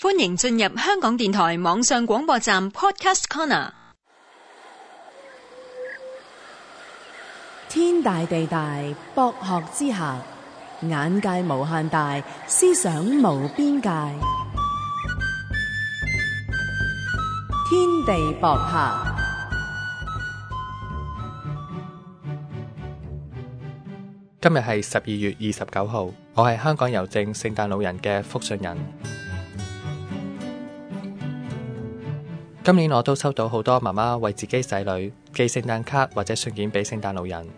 歡迎進入香港電台網上廣播站 Podcast Corner。天大地大，博學之下，眼界無限大，思想無邊界。天地博客，今日係十二月二十九號，我係香港郵政聖誕老人嘅覆信人。今年我都收到好多媽媽為自己仔女寄聖誕卡或者信件俾聖誕老人，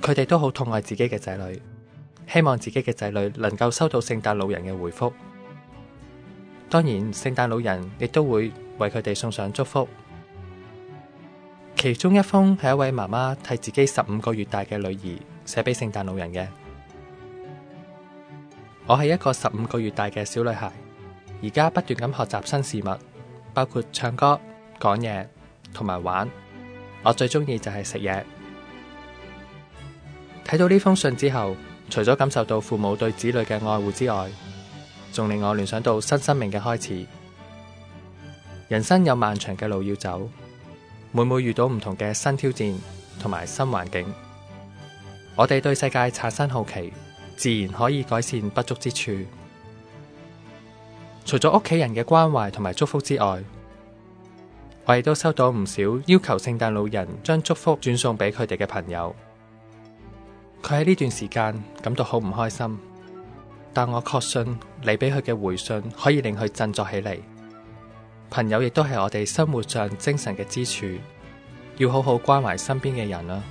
佢哋都好痛愛自己嘅仔女，希望自己嘅仔女能夠收到聖誕老人嘅回覆。當然，聖誕老人亦都會為佢哋送上祝福。其中一封係一位媽媽替自己十五個月大嘅女兒寫俾聖誕老人嘅。我係一個十五個月大嘅小女孩，而家不斷咁學習新事物。包括唱歌、講嘢同埋玩，我最中意就係食嘢。睇到呢封信之後，除咗感受到父母對子女嘅愛護之外，仲令我聯想到新生命嘅開始。人生有漫長嘅路要走，每每遇到唔同嘅新挑戰同埋新環境，我哋對世界產生好奇，自然可以改善不足之處。除咗屋企人嘅關懷同埋祝福之外，我亦都收到唔少要求聖誕老人將祝福轉送俾佢哋嘅朋友。佢喺呢段時間感到好唔開心，但我確信你俾佢嘅回信可以令佢振作起嚟。朋友亦都係我哋生活上精神嘅支柱，要好好關懷身邊嘅人啦。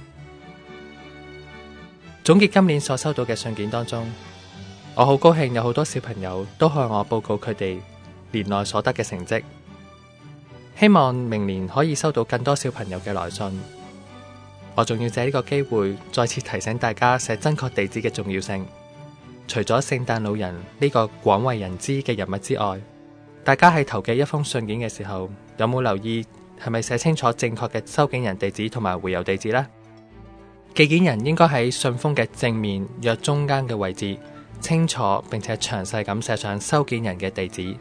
總結今年所收到嘅信件當中，我好高興有好多小朋友都向我報告佢哋年內所得嘅成績，希望明年可以收到更多小朋友嘅來信。我仲要借呢個機會再次提醒大家寫真確地址嘅重要性。除咗聖誕老人呢個廣為人知嘅人物之外，大家喺投寄一封信件嘅時候，有冇留意係咪寫清楚正確嘅收件人地址同埋回郵地址咧？寄件人應該喺信封嘅正面約中間嘅位置。清楚並且詳細咁寫上收件人嘅地址，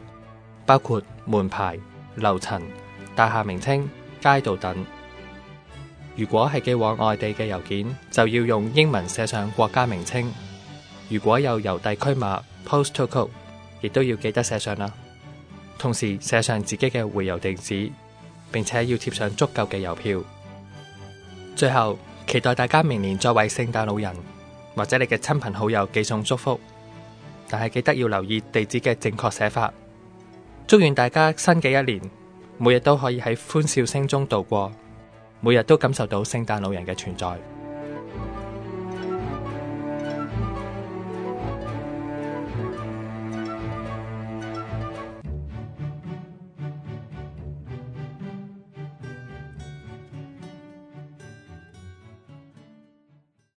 包括門牌、樓層、大廈名稱、街道等。如果係寄往外地嘅郵件，就要用英文寫上國家名稱。如果有郵遞區碼 （postal code），亦都要記得寫上啦。同時寫上自己嘅回郵地址，並且要貼上足夠嘅郵票。最後，期待大家明年再為聖誕老人。或者你嘅親朋好友寄送祝福，但係記得要留意地址嘅正確寫法。祝願大家新嘅一年，每日都可以喺歡笑聲中度過，每日都感受到聖誕老人嘅存在。